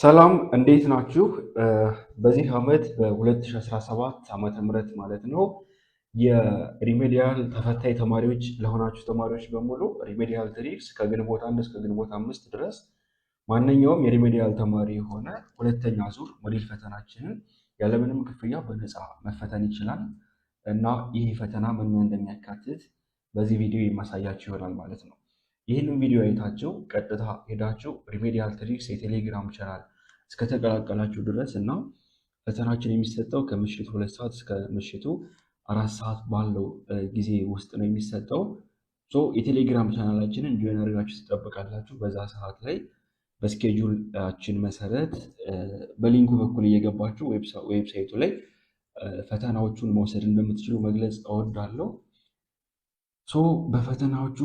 ሰላም እንዴት ናችሁ? በዚህ ዓመት በ2017 ዓመተ ምህረት ማለት ነው የሪሜዲያል ተፈታይ ተማሪዎች ለሆናችሁ ተማሪዎች በሙሉ ሪሜዲያል ትሪክስ ከግንቦት አንድ እስከ ግንቦት አምስት ድረስ ማንኛውም የሪሜዲያል ተማሪ የሆነ ሁለተኛ ዙር ሞዴል ፈተናችንን ያለምንም ክፍያ በነፃ መፈተን ይችላል እና ይህ ፈተና ምን እንደሚያካትት በዚህ ቪዲዮ የማሳያችሁ ይሆናል ማለት ነው። ይህንን ቪዲዮ አይታችሁ ቀጥታ ሄዳችሁ ሪሜዲያል ትሪክስ የቴሌግራም ቻናል እስከተቀላቀላችሁ ድረስ እና ፈተናችን የሚሰጠው ከምሽቱ ሁለት ሰዓት እስከ ምሽቱ አራት ሰዓት ባለው ጊዜ ውስጥ ነው የሚሰጠው። የቴሌግራም ቻናላችንን ጆይን አድርጋችሁ ትጠብቃላችሁ። በዛ ሰዓት ላይ በስኬጁላችን መሰረት በሊንኩ በኩል እየገባችሁ ዌብሳይቱ ላይ ፈተናዎቹን መውሰድ እንደምትችሉ መግለጽ እወዳለሁ። ሶ በፈተናዎቹ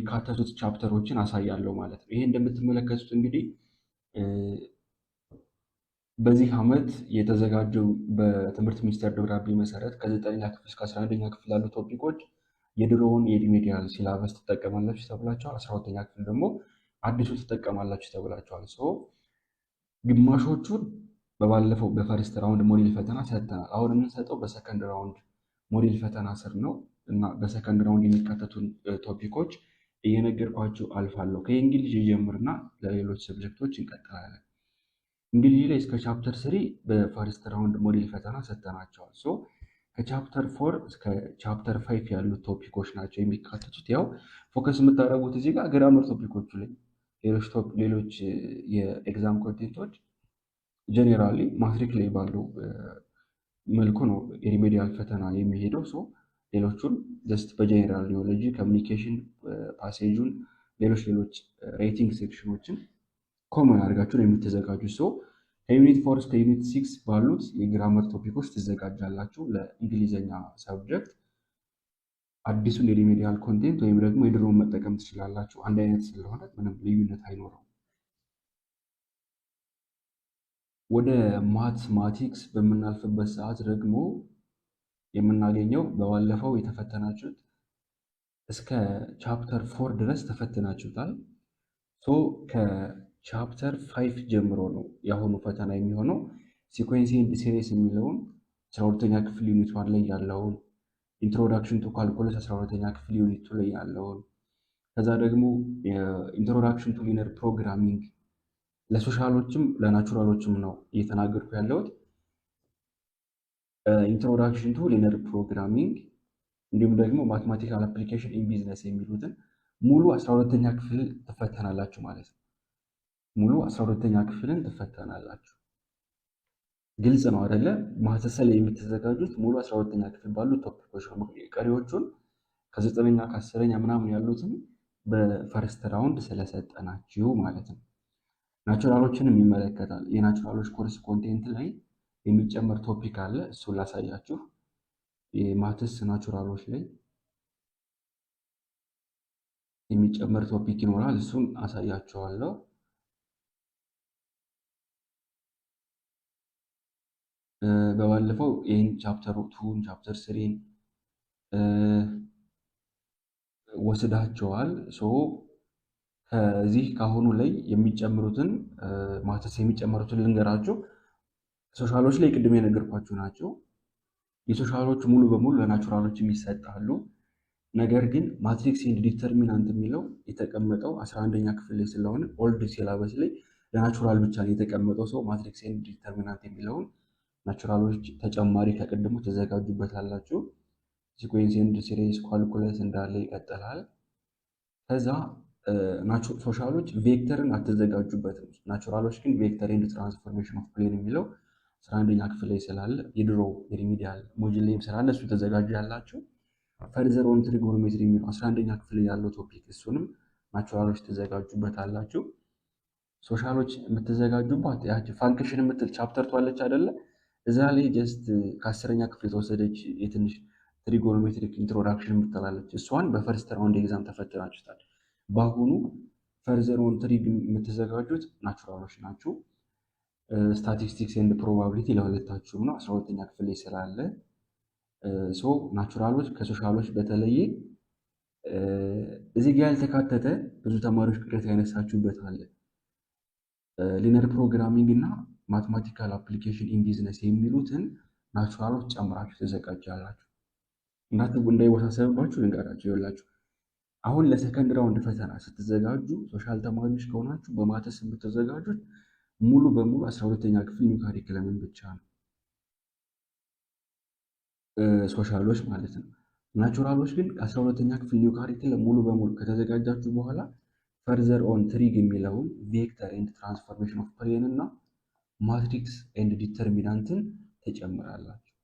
የሚካተቱት ቻፕተሮችን አሳያለሁ ማለት ነው። ይሄ እንደምትመለከቱት እንግዲህ በዚህ ዓመት የተዘጋጀው በትምህርት ሚኒስቴር ደብዳቤ መሰረት ከዘጠነኛ ክፍል እስከ አስራ አንደኛ ክፍል ያሉ ቶፒኮች የድሮውን የዲሜዲያ ሲላበስ ትጠቀማላችሁ ተብላችኋል። አስራ ሁለተኛ ክፍል ደግሞ አዲሱ ትጠቀማላችሁ ተብላችኋል። ሰው ግማሾቹን በባለፈው በፈርስት ራውንድ ሞዴል ፈተና ሰጥተናል። አሁን የምንሰጠው በሰከንድ ራውንድ ሞዴል ፈተና ስር ነው እና በሰከንድ ራውንድ የሚካተቱን ቶፒኮች እየነገርኳችሁ አልፋለሁ። ከእንግሊዝ ጀምርና ለሌሎች ሰብጀክቶች እንቀጥላለን። እንግሊዝ ላይ እስከ ቻፕተር ስሪ በፈርስት ራውንድ ሞዴል ፈተና ሰጥተናቸዋል። ሶ ከቻፕተር ፎር እስከ ቻፕተር ፋይቭ ያሉት ቶፒኮች ናቸው የሚካተቱት። ያው ፎከስ የምታደረጉት እዚህ ጋር ግራመር ቶፒኮቹ ላይ፣ ሌሎች የኤግዛም ኮንቴንቶች ጀኔራሊ ማትሪክ ላይ ባለው መልኩ ነው የሪሜዲያል ፈተና የሚሄደው። ሌሎቹን ጀስት በጀኔራል ኒዮሎጂ ኮሚኒኬሽን ፓሴጁን፣ ሌሎች ሌሎች ሬቲንግ ሴክሽኖችን ኮመን አድርጋችሁን የምትዘጋጁ ሰው ከዩኒት ፎር እስከ ዩኒት ሲክስ ባሉት የግራመር ቶፒኮች ትዘጋጃላችሁ። ለእንግሊዝኛ ሰብጀክት አዲሱን የሪሜዲያል ኮንቴንት ወይም ደግሞ የድሮውን መጠቀም ትችላላችሁ። አንድ አይነት ስለሆነ ምንም ልዩነት አይኖረው። ወደ ማትማቲክስ በምናልፍበት ሰዓት ደግሞ የምናገኘው በባለፈው የተፈተናችሁት እስከ ቻፕተር ፎር ድረስ ተፈትናችሁታል። ሶ ከቻፕተር ፋይቭ ጀምሮ ነው የአሁኑ ፈተና የሚሆነው። ሲኮንስ ኤንድ የሚለውን አስራ ሁለተኛ ክፍል ዩኒት ዋን ላይ ያለውን ኢንትሮዳክሽን ቱ ካልኩለስ አስራ ሁለተኛ ክፍል ዩኒት ቱ ላይ ያለውን ከዛ ደግሞ ኢንትሮዳክሽን ቱ ሊነር ፕሮግራሚንግ ለሶሻሎችም ለናቹራሎችም ነው እየተናገርኩ ያለሁት። ኢንትሮዳክሽን ቱ ሊነር ፕሮግራሚንግ እንዲሁም ደግሞ ማትማቲካል አፕሊኬሽን ኢን ቢዝነስ የሚሉትን ሙሉ አስራ ሁለተኛ ክፍል ትፈተናላችሁ ማለት ነው። ሙሉ አስራ ሁለተኛ ክፍልን ትፈተናላችሁ። ግልጽ ነው አይደለ? ማሰሰል ላይ የምትዘጋጁት ሙሉ አስራ ሁለተኛ ክፍል ባሉ ቶፒኮች ነው። ቀሪዎቹን ከዘጠነኛ ከአስረኛ ምናምን ያሉትን በፈርስት ራውንድ ስለሰጠናችሁ ማለት ነው። ናቹራሎችንም ይመለከታል። የናቹራሎች ኮርስ ኮንቴንት ላይ የሚጨመር ቶፒክ አለ። እሱን ላሳያችሁ። የማትስ ናቹራሎች ላይ የሚጨመር ቶፒክ ይኖራል። እሱን አሳያችኋለሁ። በባለፈው ይህን ቻፕተር ቱን ቻፕተር ስሪን ወስዳቸዋል። ሶ ከዚህ ከአሁኑ ላይ የሚጨምሩትን ማተስ የሚጨመሩትን ልንገራችሁ። ሶሻሎች ላይ ቅድም የነገርኳቸው ናቸው። የሶሻሎች ሙሉ በሙሉ ለናቹራሎች የሚሰጣሉ። ነገር ግን ማትሪክስ ኤንድ ዲተርሚናንት የሚለው የተቀመጠው 11ኛ ክፍል ላይ ስለሆነ ኦልድ ሲላበስ ላይ ለናቹራል ብቻ ነው የተቀመጠው። ሰው ማትሪክስ ኤንድ ዲተርሚናንት የሚለውን ናቹራሎች ተጨማሪ ከቅድሞ ተዘጋጁበታላችሁ። ሲኩዌንስ ኤንድ ሲሪስ ኳልኩለስ እንዳለ ይቀጥላል። ከዛ ሶሻሎች ቬክተርን አትዘጋጁበትም ናቹራሎች ግን ቬክተር ኤንድ ትራንስፎርሜሽን ኦፍ ፕሌን የሚለው አስራ አንደኛ ክፍል ላይ ስላለ የድሮ የሪሚዲያል ሞጅል ላይም ስላለ እሱ ተዘጋጁ ያላቸው ፈርዘር ኦን ትሪጎኖሜትሪ የሚለው አስራ አንደኛ ክፍል ያለው ቶፒክ እሱንም ናቹራሎች ተዘጋጁበት አላችሁ። ሶሻሎች የምትዘጋጁባት ያቺ ፋንክሽን የምትል ቻፕተር ትዋለች አይደለ? እዛ ላይ ጀስት ከአስረኛ ክፍል የተወሰደች የትንሽ ትሪጎኖሜትሪክ ኢንትሮዳክሽን የምትላለች እሷን በፈርስት ራውንድ ኤግዛም ተፈትናችሁታል። በአሁኑ ፈርዘር ኦን ትሪግ የምትዘጋጁት ናቹራሎች ናችሁ። ስታቲስቲክስ ኤንድ ፕሮባቢሊቲ ለሁለታችሁም ነው። አስራ ሁለተኛ ክፍል ላይ ስላለ ሰው ናቹራሎች ከሶሻሎች በተለየ እዚህ ጋ ያልተካተተ ብዙ ተማሪዎች ቅሬታ ያነሳችሁበት አለ። ሊነር ፕሮግራሚንግ እና ማትማቲካል አፕሊኬሽን ኢን ቢዝነስ የሚሉትን ናቹራሎች ጨምራችሁ ተዘጋጃላችሁ። እንዳይወሳሰብባችሁ ልንገራችሁ። ይኸውላችሁ አሁን ለሰከንድ ራውንድ ፈተና ስትዘጋጁ ሶሻል ተማሪዎች ከሆናችሁ በማተስ የምትዘጋጁት ሙሉ በሙሉ አስራ ሁለተኛ ክፍል ኒው ካሪክለምን ብቻ ነው። ሶሻሎች ማለት ነው። ናቹራሎች ግን ከአስራ ሁለተኛ ክፍል ኒው ካሪክለም ሙሉ በሙሉ ከተዘጋጃችሁ በኋላ ፈርዘር ኦን ትሪግ የሚለውን ቬክተር ኤንድ ትራንስፎርሜሽን ኦፍ ፕሌን እና ማትሪክስ ኤንድ ዲተርሚናንትን ትጨምራላችሁ።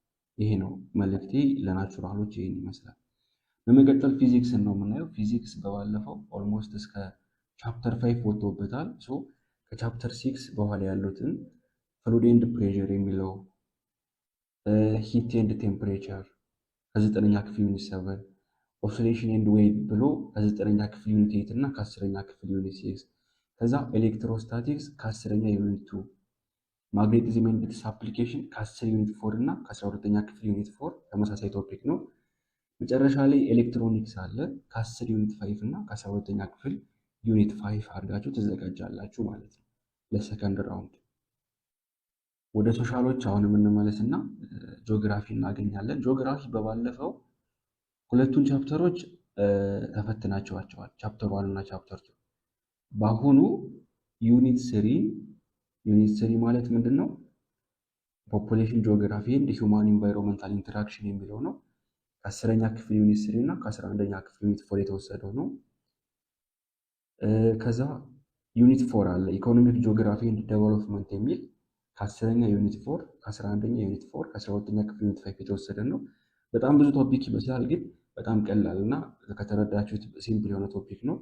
ይሄ ነው መልእክቴ ለናቹራሎች ይህን ይመስላል። በመቀጠል ፊዚክስን ነው የምናየው። ፊዚክስ በባለፈው ኦልሞስት እስከ ቻፕተር ፋይቭ ወጥቶበታል። ከቻፕተር ሲክስ በኋላ ያሉትን ፍሉድ ኤንድ ፕሬዥር የሚለው ሂት ኤንድ ቴምፕሬቸር ከዘጠነኛ ክፍል ዩኒት ሰቨን ኦሲሌሽን ኤንድ ዌቭ ብሎ ከዘጠነኛ ክፍል ዩኒት ኤይት እና ከአስረኛ ክፍል ዩኒት ሲክስ ከዛ ኤሌክትሮስታቲክስ ከአስረኛ ዩኒት ቱ ማግኔቲዝም ኤንድ ኢትስ አፕሊኬሽን ከአስር ዩኒት ፎር እና ከአስራ ሁለተኛ ክፍል ዩኒት ፎር ተመሳሳይ ቶፒክ ነው። መጨረሻ ላይ ኤሌክትሮኒክስ አለ ከአስር ዩኒት ፋይቭ እና ከአስራ ሁለተኛ ክፍል ዩኒት ፋይፍ አድርጋችሁ ትዘጋጃላችሁ ማለት ነው ለሰከንድ ራውንድ። ወደ ሶሻሎች አሁን የምንመለስ እና ጂኦግራፊ እናገኛለን። ጂኦግራፊ በባለፈው ሁለቱን ቻፕተሮች ተፈትናቸዋቸዋል፣ ቻፕተር ዋን እና ቻፕተር ቱ። በአሁኑ ዩኒት ስሪ ዩኒት ስሪ ማለት ምንድን ነው? ፖፑሌሽን ጂኦግራፊ ኤንድ ሂውማን ኢንቫይሮንመንታል ኢንተራክሽን የሚለው ነው። ከአስረኛ ክፍል ዩኒት ስሪ እና ከአስራ አንደኛ ክፍል ዩኒት ፎር የተወሰደው ነው። ከዛ ዩኒት ፎር አለ ኢኮኖሚክ ጂኦግራፊ ኤንድ ዴቨሎፕመንት የሚል ከአስረኛ ዩኒት ፎር ከአስራ አንደኛ ዩኒት ፎር ከአስራ ሁለተኛ ክፍል ዩኒት ፋይፍ የተወሰደ ነው። በጣም ብዙ ቶፒክ ይመስላል፣ ግን በጣም ቀላል እና ከተረዳችሁት ሲምፕል የሆነ ቶፒክ ነው።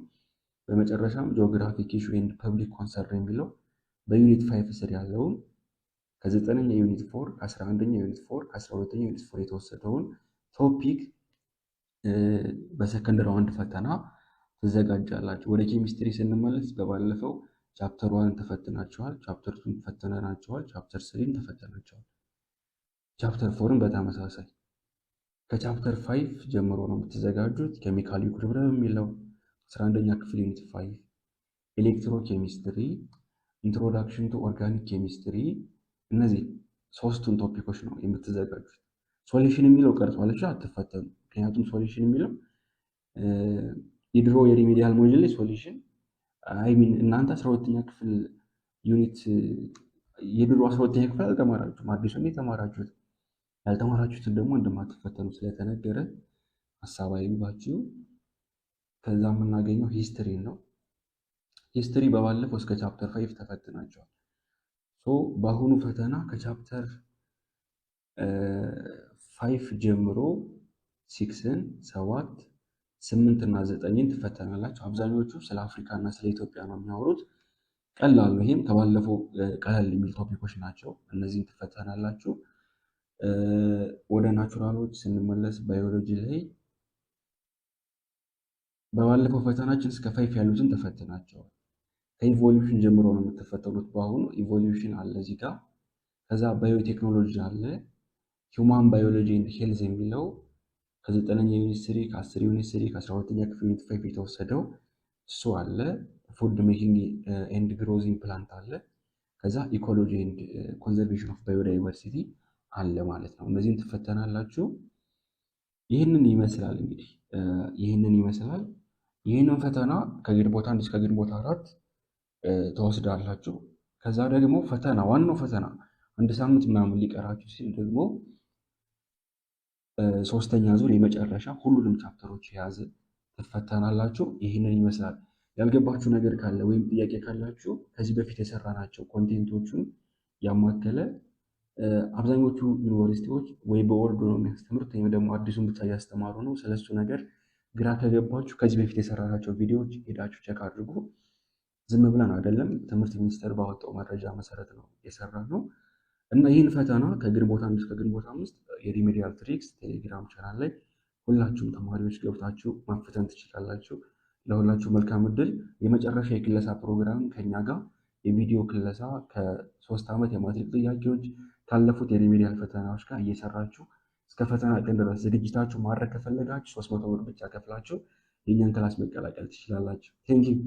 በመጨረሻም ጂኦግራፊክ ኢሹ ኤንድ ፐብሊክ ኮንሰርን የሚለው በዩኒት ፋይፍ ስር ያለውን ከዘጠነኛ ዩኒት ፎር ከአስራ አንደኛ ዩኒት ፎር ከአስራ ሁለተኛ ዩኒት ፎር የተወሰደውን ቶፒክ በሰከንድ ራውንድ ፈተና ትዘጋጃላችሁ። ወደ ኬሚስትሪ ስንመለስ በባለፈው ቻፕተር ዋን ተፈትናችኋል፣ ቻፕተር ቱን ተፈተናችኋል፣ ቻፕተር ስሪን ተፈትናችኋል። ቻፕተር ፎርን በተመሳሳይ ከቻፕተር ፋይቭ ጀምሮ ነው የምትዘጋጁት። ኬሚካል ኢኩሊብሪየም የሚለው አስራ አንደኛ ክፍል ዩኒት ፋይቭ ኤሌክትሮ ኬሚስትሪ፣ ኢንትሮዳክሽን ቱ ኦርጋኒክ ኬሚስትሪ እነዚህ ሶስቱን ቶፒኮች ነው የምትዘጋጁት። ሶሉሽን የሚለው ቀርጿል፣ አትፈተኑ። ምክንያቱም ሶሉሽን የሚለው የድሮ የሪሜዲያል ሞጁል ሶሉሽን አይሚን እናንተ አስራ ሁለተኛ ክፍል ዩኒት የድሮ አስራ ሁለተኛ ክፍል አልተማራችሁም፣ አዲሱ የተማራችሁት ያልተማራችሁትን ደግሞ እንደማትፈተኑ ስለተነገረ ሀሳብ አይግባችሁ። ከዛ የምናገኘው ሂስትሪ ነው። ሂስትሪ በባለፈው እስከ ቻፕተር ፋይቭ ተፈትናቸዋል። በአሁኑ ፈተና ከቻፕተር ፋይቭ ጀምሮ ሲክስን ሰባት ስምንት እና ዘጠኝን ትፈተናላችሁ። አብዛኞቹ ስለ አፍሪካ እና ስለ ኢትዮጵያ ነው የሚያወሩት። ቀላሉ ይህም ከባለፈው ቀለል የሚል ቶፒኮች ናቸው። እነዚህን ትፈተናላችሁ። ወደ ናቹራሎች ስንመለስ ባዮሎጂ ላይ በባለፈው ፈተናችን እስከ ፋይፍ ያሉትን ተፈትናቸዋል። ከኢቮሉሽን ጀምሮ ነው የምትፈተኑት። በአሁኑ ኢቮሉሽን አለ እዚህ ጋር፣ ከዛ ባዮቴክኖሎጂ አለ፣ ሂውማን ባዮሎጂ ኤንድ ሄልዝ የሚለው ከዘጠነኛ ዩኒት ስሪ ከአስር ዩኒት ስሪ ከአስራ ሁለተኛ ክፍል ዩኒት ፋይቭ የተወሰደው እሱ አለ። ፉድ ሜኪንግ ኤንድ ግሮዚንግ ፕላንት አለ። ከዛ ኢኮሎጂ ኤንድ ኮንዘርቬሽን ኦፍ ባዮዳይቨርሲቲ አለ ማለት ነው። እነዚህን ትፈተናላችሁ። ይህንን ይመስላል እንግዲህ ይህንን ይመስላል። ይህንን ፈተና ከግንቦት አንድ እስከ ግንቦት አራት ተወስዳላችሁ። ከዛ ደግሞ ፈተና ዋናው ፈተና አንድ ሳምንት ምናምን ሊቀራችሁ ሲል ደግሞ ሶስተኛ ዙር የመጨረሻ ሁሉንም ቻፕተሮች የያዘ ትፈተናላችሁ። ይህንን ይመስላል። ያልገባችሁ ነገር ካለ ወይም ጥያቄ ካላችሁ ከዚህ በፊት የሰራናቸው ኮንቴንቶቹን ያማከለ አብዛኞቹ ዩኒቨርሲቲዎች ወይ በወርዶ ነው የሚያስተምሩት ወይም ደግሞ አዲሱን ብቻ እያስተማሩ ነው። ስለሱ ነገር ግራ ከገባችሁ ከዚህ በፊት የሰራናቸው ቪዲዮዎች ሄዳችሁ ቸክ አድርጉ። ዝም ብለን አይደለም፣ ትምህርት ሚኒስቴር ባወጣው መረጃ መሰረት ነው የሰራ ነው። እና ይህን ፈተና ከግንቦት አንድ እስከ ግንቦት አምስት የሪሜዲያል ትሪክስ ቴሌግራም ቻናል ላይ ሁላችሁም ተማሪዎች ገብታችሁ ማፈተን ትችላላችሁ። ለሁላችሁ መልካም እድል። የመጨረሻ የክለሳ ፕሮግራም ከኛ ጋር የቪዲዮ ክለሳ ከሶስት ዓመት የማትሪክ ጥያቄዎች ካለፉት የሪሜዲያል ፈተናዎች ጋር እየሰራችሁ እስከ ፈተና ቀን ድረስ ዝግጅታችሁ ማድረግ ከፈለጋችሁ ሶስት መቶ ብር ብቻ ከፍላችሁ የእኛን ክላስ መቀላቀል ትችላላችሁ። ቴንኪው